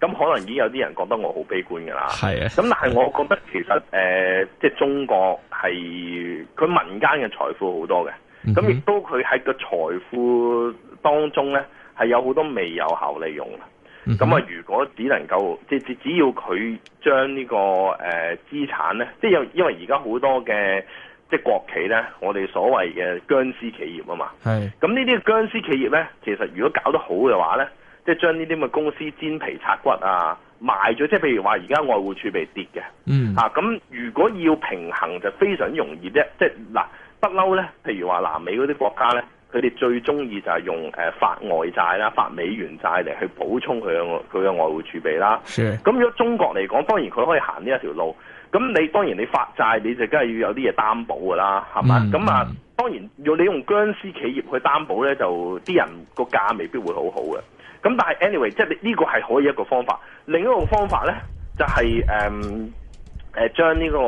咁可能已經有啲人覺得我好悲觀㗎啦。係啊的，咁但係我覺得其實誒的、呃，即係中國係佢民間嘅財富好多嘅，咁亦、嗯、哼都佢喺個財富當中咧係有好多未有效利用嘅。咁啊，嗯、哼如果只能夠即係只要佢將呢個誒、呃、資產咧，即係因因為而家好多嘅即係國企咧，我哋所謂嘅僵屍企業啊嘛。係。咁呢啲僵屍企業咧，其實如果搞得好嘅話咧。即係將呢啲咁嘅公司煎皮拆骨啊，賣咗。即係譬如話，而家外匯儲備跌嘅，嗯啊，咁如果要平衡就非常容易啫。即係嗱，不嬲咧。譬如話，南美嗰啲國家咧，佢哋最中意就係用誒、啊、發外債啦、發美元債嚟去補充佢嘅佢嘅外匯儲備啦。係。咁如果中國嚟講，當然佢可以行呢一條路。咁你當然你發債，你就梗係要有啲嘢擔保㗎啦，係嘛？咁、嗯、啊，當然要你用僵屍企業去擔保咧，就啲人個價未必會好好嘅。咁但係 anyway，即係呢個係可以一個方法。另一個方法呢，就係誒誒，將呢、這個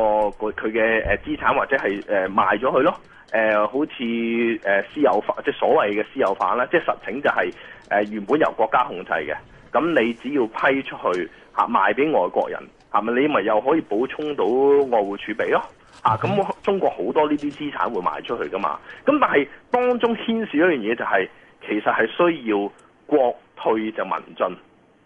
佢嘅誒資產或者係誒、呃、賣咗佢咯。誒、呃，好似誒、呃、私有化，即係所謂嘅私有化啦。即係實情就係、是、誒、呃、原本由國家控制嘅，咁你只要批出去吓、啊，賣俾外國人，係咪？你咪又可以補充到外匯儲備咯？啊，咁中國好多呢啲資產會賣出去噶嘛？咁但係當中牽涉一樣嘢就係、是，其實係需要國。去就民進，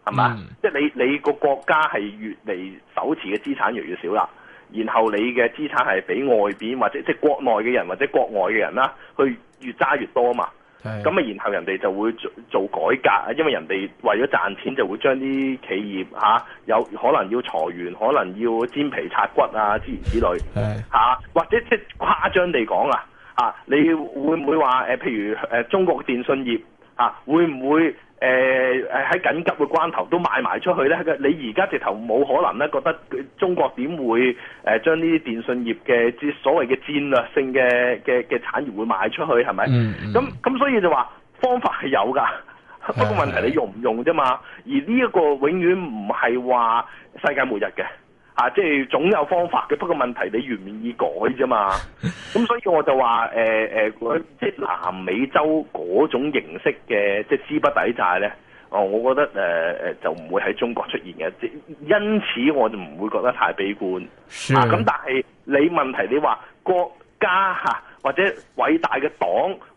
係嘛？嗯、即係你你個國家係越嚟手持嘅資產越嚟越少啦，然後你嘅資產係俾外邊或者即係國內嘅人或者國外嘅人啦，去越揸越多啊嘛。咁啊，然後人哋就會做，做改革，因為人哋為咗賺錢就會將啲企業嚇、啊、有可能要裁員，可能要煎皮擦骨啊之類之類嚇是的、啊，或者即係誇張地講啊嚇，你會唔會話誒譬如誒、啊、中國電信業啊會唔會？誒誒喺緊急嘅關頭都賣埋出去咧，你而家直頭冇可能咧，覺得中國點會誒將呢啲電信業嘅即所謂嘅戰略性嘅嘅嘅產業會賣出去係咪？咁咁、嗯嗯、所以就話方法係有㗎，不過問題你用唔用啫嘛？的而呢一個永遠唔係話世界末日嘅。啊，即係總有方法嘅，不過問題你願唔願意改啫嘛？咁所以我就話，誒、呃、誒、呃，即係南美洲嗰種形式嘅，即係資不抵債咧。哦，我覺得誒誒、呃，就唔會喺中國出現嘅。即因此，我就唔會覺得太悲觀。是的。咁、啊、但係你問題你說，你話國家吓或者偉大嘅黨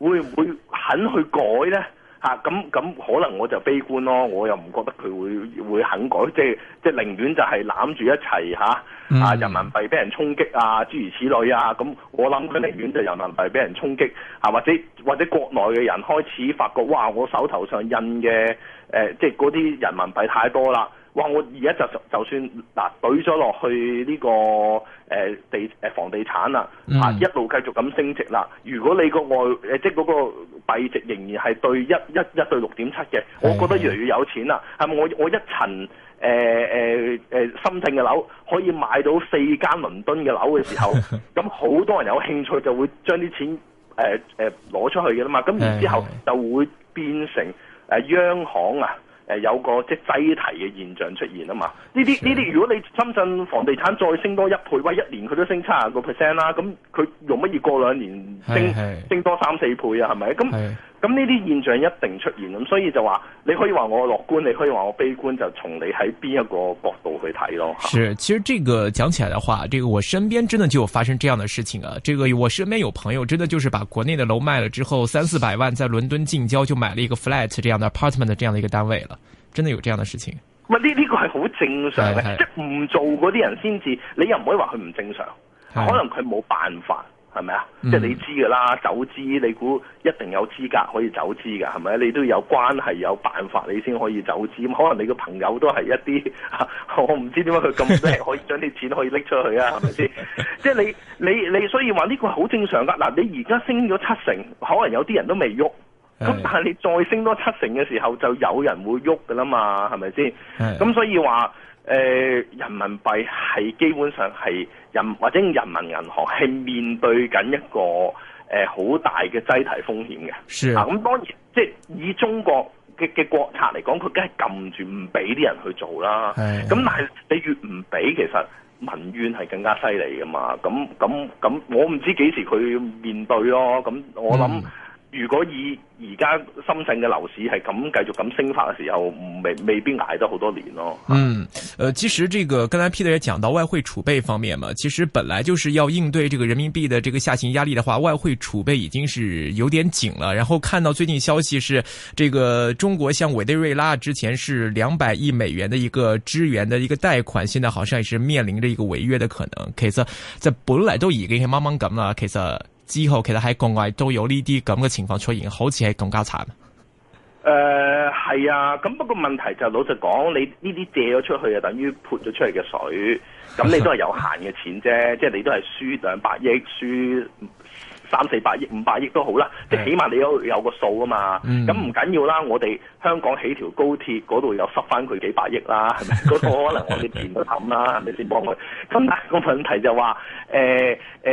會唔會肯去改咧？嚇，咁咁可能我就悲觀咯，我又唔覺得佢會會肯改，即係即係寧願就係攬住一齊嚇，啊人民幣俾人衝擊啊，諸如此類啊，咁我諗佢寧願就人民幣俾人衝擊，啊或者或者國內嘅人開始發覺，哇！我手頭上印嘅誒、呃，即嗰啲人民幣太多啦。哇！我而家就就算嗱，對咗落去呢個、呃、地、呃、房地產啦，啊嗯、一路繼續咁升值啦、啊。如果你個外誒、呃、即係嗰個幣值仍然係對一一一對六點七嘅，我覺得越嚟越有錢啦。係咪？是是 我我一層誒誒誒深圳嘅樓可以買到四間倫敦嘅樓嘅時候，咁好 多人有興趣就會將啲錢誒誒攞出去嘅啦嘛。咁然之後就會變成誒、呃、央行啊。誒、呃、有個即係擠提嘅現象出現啊嘛，呢啲呢啲，如果你深圳房地產再升多一倍，喂，一年佢都升七十個 percent 啦，咁、嗯、佢容乜易過兩年升是是升多三四倍啊？係咪？咁、嗯。是是咁呢啲現象一定出現，咁，所以就話你可以話我樂觀，你可以話我悲觀，就從你喺邊一個角度去睇咯。是，其實這個講起來的話，這個我身邊真的就有發生這樣的事情啊！這個我身邊有朋友真的就是把國內的樓賣了之後，三四百萬在倫敦近郊就買了一個 flat 這樣的 apartment 的這樣的一個單位了，真的有這樣的事情。呢？呢個係好正常嘅，是是是即係唔做嗰啲人先至，你又唔可以話佢唔正常，是是可能佢冇辦法。係咪啊？即係你知噶啦，嗯、走資你估一定有資格可以走資噶，係咪？你都有關係有辦法，你先可以走資。可能你個朋友都係一啲、啊，我唔知點解佢咁叻， 可以將啲錢可以拎出去啊？係咪先？ 即係你你你，所以話呢個好正常噶。嗱，你而家升咗七成，可能有啲人都未喐。咁是的 但係你再升多七成嘅時候，就有人會喐噶啦嘛？係咪先？咁是的 所以話，誒、呃，人民幣係基本上係。人或者人民銀行係面對緊一個誒好，呃、大嘅擠提風險嘅。是啊，咁當然即係以中國嘅嘅國策嚟講，佢梗係撳住唔俾啲人去做啦。係的，咁但係你越唔俾，其實民怨係更加犀利噶嘛。咁咁咁，我唔知幾時佢面對咯。咁我諗。嗯如果以而家深圳嘅樓市係咁繼續咁升法嘅時候，未未必捱得好多年咯、哦。嗯，誒、呃，其實這個剛才 Peter 也講到外匯儲備方面嘛，其實本來就是要應對這個人民幣的這個下行壓力的話，外匯儲備已經是有點緊了。然後看到最近消息是，這個中國向委內瑞拉之前是兩百億美元的一個支援的一個貸款，現在好像也是面臨着一個違約的可能。其實，即係本來都已經係慢慢咁啦，其實。之後其實喺國外都有呢啲咁嘅情況出現，好似係更加慘。誒、呃，係啊，咁不過問題就係、老實講，你呢啲借咗出去啊，等於潑咗出嚟嘅水，咁你都係有限嘅錢啫，即、就、係、是、你都係輸兩百億，輸。三四百億、五百億都好啦，即係起碼你都有個數啊嘛。咁唔、嗯、緊要啦，我哋香港起條高鐵嗰度又塞翻佢幾百億啦。嗰個可能我哋填冚啦， 你先幫佢。咁但係個問題就話，誒、呃呃、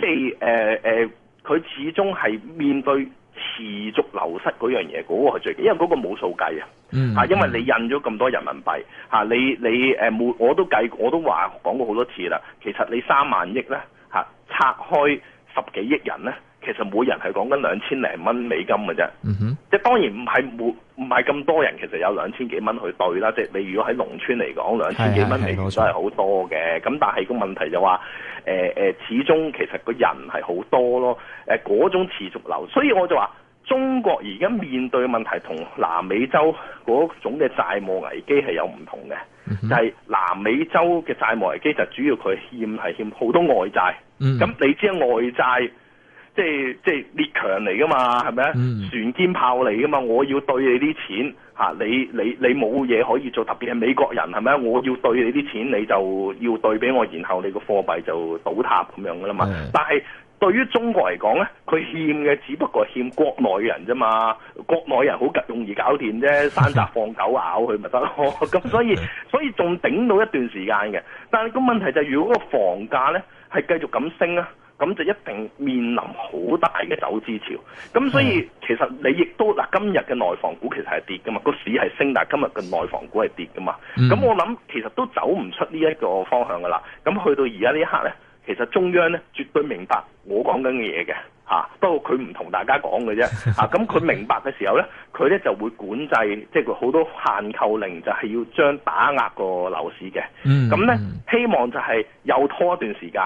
即係誒誒，佢、呃呃、始終係面對持續流失嗰樣嘢，嗰、那個係最要，因為嗰個冇數計啊。嗯、因為你印咗咁多人民幣、嗯、你你誒，我都計，我都話講過好多次啦。其實你三萬億咧嚇，拆開。十幾億人咧，其實每人係講緊兩千零蚊美金嘅啫，即係、嗯、哼當然唔係冇唔係咁多人，其實有兩千幾蚊去兌啦。即係你如果喺農村嚟講，兩千幾蚊美金都係好多嘅。咁但係個問題就話，誒、呃、誒，始終其實個人係好多咯，誒嗰種持續流，所以我就話。中國而家面對嘅問題同南美洲嗰種嘅債務危機係有唔同嘅，就係南美洲嘅債務危機就主要佢欠係欠好多外債，咁、嗯、你知外債即係即係列強嚟噶嘛，係咪啊？嗯、船堅炮嚟噶嘛，我要兌你啲錢嚇，你你你冇嘢可以做特別係美國人係咪啊？我要兌你啲錢，你就要兌俾我，然後你個貨幣就倒塌咁樣噶啦嘛，是的 但係。對於中國嚟講咧，佢欠嘅只不過係欠國內人啫嘛，國內人好容易搞掂啫，山寨放狗咬佢咪得咯。咁 所以所以仲頂到一段時間嘅，但係個問題就係如果個房價咧係繼續咁升啊，咁就一定面臨好大嘅走資潮。咁所以其實你亦都嗱，今日嘅內房股其實係跌㗎嘛，個市係升，但係今日嘅內房股係跌㗎嘛。咁我諗其實都走唔出呢一個方向㗎啦。咁去到而家呢一刻咧。其實中央咧絕對明白我講緊嘅嘢嘅嚇，啊、他不過佢唔同大家講嘅啫嚇。咁、啊、佢明白嘅時候咧，佢咧就會管制，即係佢好多限購令，就係要將打壓個樓市嘅。咁咧、嗯、希望就係又拖一段時間。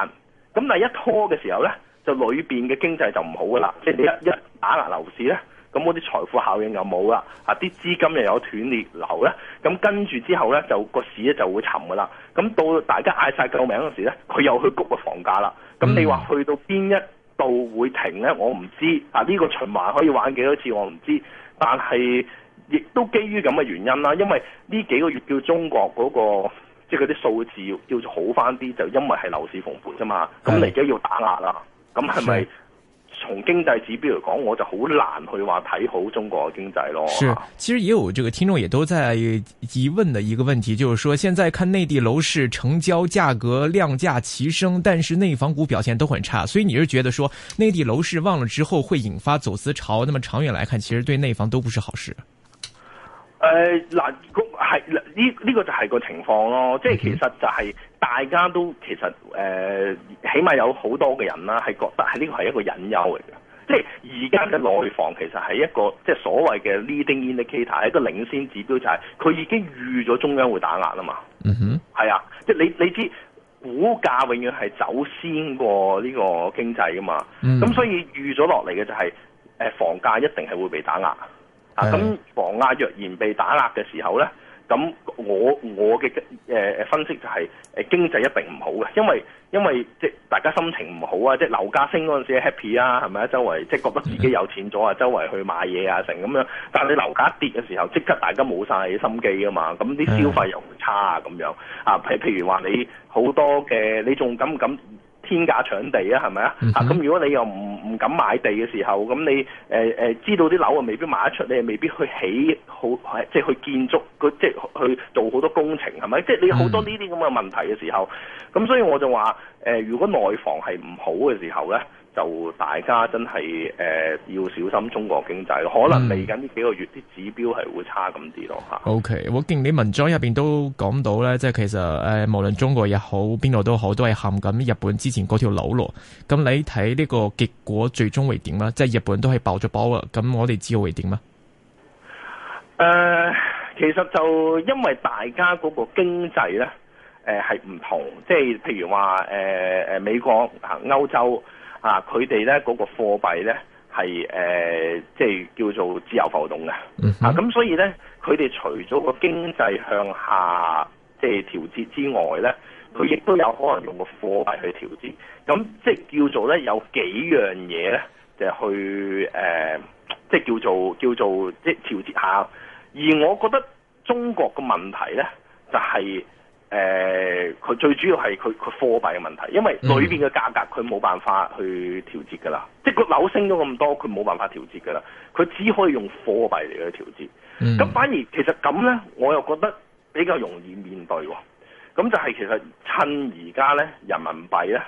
咁但係一拖嘅時候咧，就裏邊嘅經濟就唔好噶啦。即係你一一打壓樓市咧。咁嗰啲財富效應又冇啦，啊啲資金又有斷裂流咧，咁跟住之後咧就個市咧就會沉噶啦。咁到大家嗌晒救命嗰時咧，佢又去谷個房價啦。咁你話去到邊一度會停咧？我唔知啊。呢個循環可以玩幾多次我唔知，但係亦都基於咁嘅原因啦。因為呢幾個月叫中國嗰個即係嗰啲數字叫做好翻啲，就因為係樓市蓬勃啫嘛。咁嚟緊要打壓啦。咁係咪？從經濟指標嚟講，我就好難去話睇好中國嘅經濟咯。是，其實也有這個聽眾也都在疑問的一個問題，就是說，現在看內地樓市成交價格量價齊升，但是內房股表現都很差，所以你是覺得說內地樓市旺了之後會引發走資潮，那麼長遠來看，其實對內房都不是好事。誒嗱，個係呢，呢個就係個情況咯，即係其實就係大家都其實誒、呃，起碼有好多嘅人啦，係覺得係呢個係一個隱憂嚟嘅。即係而家嘅內房其實係一個即係所謂嘅 leading indicator，係一個領先指標，就係、是、佢已經預咗中央會打壓啦嘛。嗯哼，係啊，即係你你知股價永遠係走先過呢個經濟㗎嘛。咁、嗯、所以預咗落嚟嘅就係、是、誒、呃、房價一定係會被打壓。咁、啊、房價、啊、若然被打壓嘅時候咧，咁我我嘅誒、呃、分析就係、是、誒、呃、經濟一定唔好嘅，因為因為即係大家心情唔好啊，即係樓價升嗰陣時 happy 啊，係咪啊？周圍即係覺得自己有錢咗啊，周圍去買嘢啊，成咁樣。但係你樓價跌嘅時候，即刻大家冇晒心機啊嘛，咁啲消費又差啊咁樣啊。譬譬如話你好多嘅，你仲敢敢？天價搶地、mm hmm. 啊，係咪啊？嚇！咁如果你又唔唔敢買地嘅時候，咁你誒誒、呃呃、知道啲樓啊，未必賣得出，你又未必去起好，即係去建築個，即係去做好多工程，係咪？即係你好多呢啲咁嘅問題嘅時候，咁所以我就話誒、呃，如果內房係唔好嘅時候咧。就大家真係誒、呃、要小心中國經濟，可能嚟緊呢幾個月啲指標係會差咁啲咯吓。OK，我見你文章入面都講到咧，即係其實誒、呃、無論中國也好，邊度都好，都係行緊日本之前嗰條路咯。咁你睇呢個結果最終會點咧？即係日本都係爆咗包啦，咁我哋知道會點啊？誒、呃，其實就因為大家嗰個經濟咧，係、呃、唔同，即係譬如話誒、呃、美國歐洲。啊！佢哋咧嗰個貨幣咧係誒，即係叫做自由浮動嘅。Mm hmm. 啊，咁所以咧，佢哋除咗個經濟向下即係調節之外咧，佢亦都有可能用個貨幣去調節。咁即係叫做咧，有幾樣嘢咧，就係去誒、呃，即係叫做叫做即係調節下。而我覺得中國嘅問題咧就係、是。誒，佢、呃、最主要係佢佢貨幣嘅問題，因為裏邊嘅價格佢冇辦法去調節㗎啦，嗯、即係個樓升咗咁多，佢冇辦法調節㗎啦，佢只可以用貨幣嚟去調節。咁、嗯、反而其實咁咧，我又覺得比較容易面對喎。咁就係其實趁而家咧，人民幣咧，誒、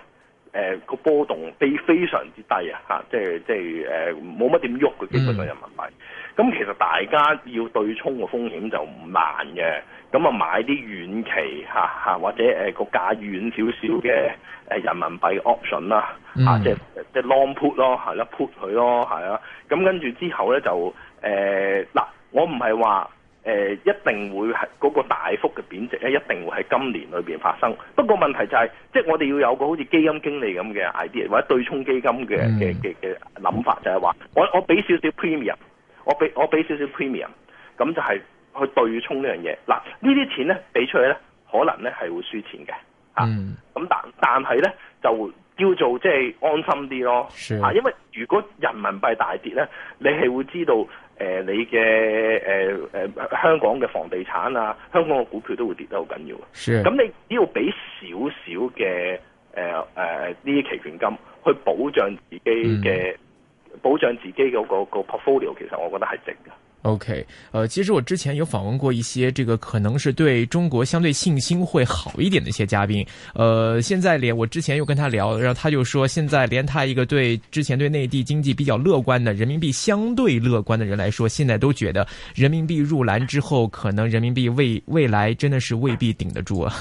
呃、個波動非非常之低啊！嚇，即係即係誒冇乜點喐佢基本上人民幣。嗯咁其實大家要對沖嘅風險就唔難嘅，咁啊買啲遠期嚇嚇或者誒個價遠少少嘅誒人民幣 option、呃、啦，即係即係 long put 咯，係啦 put 佢咯，係啊。咁跟住之後咧就誒嗱，我唔係話誒一定會係嗰個大幅嘅貶值咧，一定會喺、那個、今年裏邊發生。不過問題就係、是，即、就、係、是、我哋要有個好似基金經理咁嘅 idea，或者對沖基金嘅嘅嘅嘅諗法，就係、是、話我我俾少少 premium。我俾我俾少少 premium，咁就係去對沖呢樣嘢。嗱，呢啲錢咧俾出去咧，可能咧係會輸錢嘅嚇。咁、嗯啊、但但係咧就叫做即係安心啲咯。啊是，因為如果人民幣大跌咧，你係會知道誒、呃、你嘅誒誒香港嘅房地產啊，香港嘅股票都會跌得好緊要。是。咁你只要俾少少嘅誒誒呢啲期權金去保障自己嘅、嗯。保障自己嘅個個 portfolio，其實我覺得係值嘅。OK，呃，其實我之前有訪問過一些，這個可能是對中國相對信心會好一點的一些嘉賓。呃，現在連我之前又跟他聊，然後他就說，現在連他一個對之前對內地經濟比較樂觀的人民幣相對樂觀的人來說，現在都覺得人民幣入籃之後，可能人民幣未未來真的是未必頂得住啊。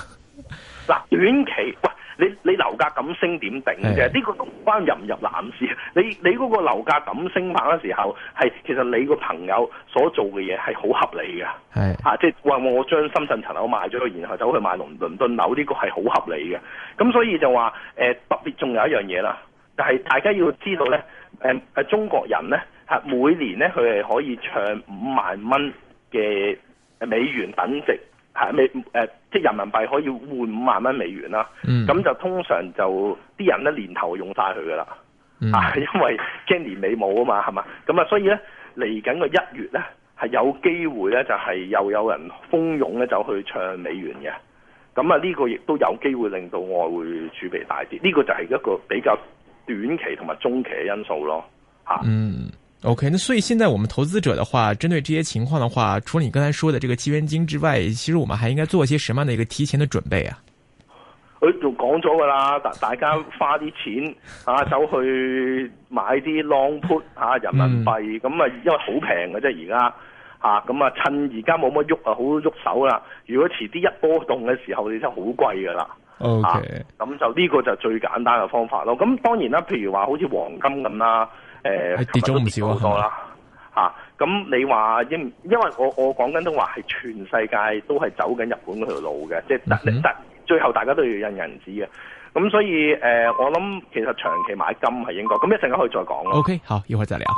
嗱，短期。你你樓價咁升點頂嘅？呢個關入唔入藍市？你你嗰個樓價咁升法嘅時候，係其實你個朋友所做嘅嘢係好合理嘅。係啊，即係話我將深圳層樓賣咗，然後走去買倫倫敦樓，呢個係好合理嘅。咁所以就話誒，特別仲有一樣嘢啦，就係大家要知道咧，誒，中國人咧，係每年咧佢係可以唱五萬蚊嘅美元等值。係未？誒，即係人民幣可以換五萬蚊美元啦。咁、嗯、就通常就啲人咧年頭用晒佢㗎啦。啊、嗯，因為驚年尾冇啊嘛，係嘛？咁啊，所以咧嚟緊個一月咧係有機會咧就係又有人蜂擁咧走去唱美元嘅。咁啊，呢個亦都有機會令到外匯儲備大跌。呢、呢個就係一個比較短期同埋中期嘅因素咯。嚇、嗯。O、okay, K，那所以現在我們投資者的話，針對這些情況的話，除了你剛才說的這個基金之外，其實我們還應該做一些什麼的一個提前的準備啊？我就講咗噶啦，大大家花啲錢啊，走去買啲 long put 吓、啊、人民幣，咁啊、嗯、因為好平嘅啫而家，吓咁啊趁而家冇乜喐啊，好喐手啦。如果遲啲一波動嘅時候，你真係好貴噶啦。O K，咁就呢個就最簡單嘅方法咯。咁當然啦，譬如話好似黃金咁啦。誒、呃、跌咗唔少好多啦，咁、啊、你話因因為我我講緊都話係全世界都係走緊日本嗰條路嘅，即係大大最後大家都要印銀紙嘅。咁所以誒、呃，我諗其實長期買金係應該。咁一陣間可以再講咯。O、okay, K，好，要開嚟啊。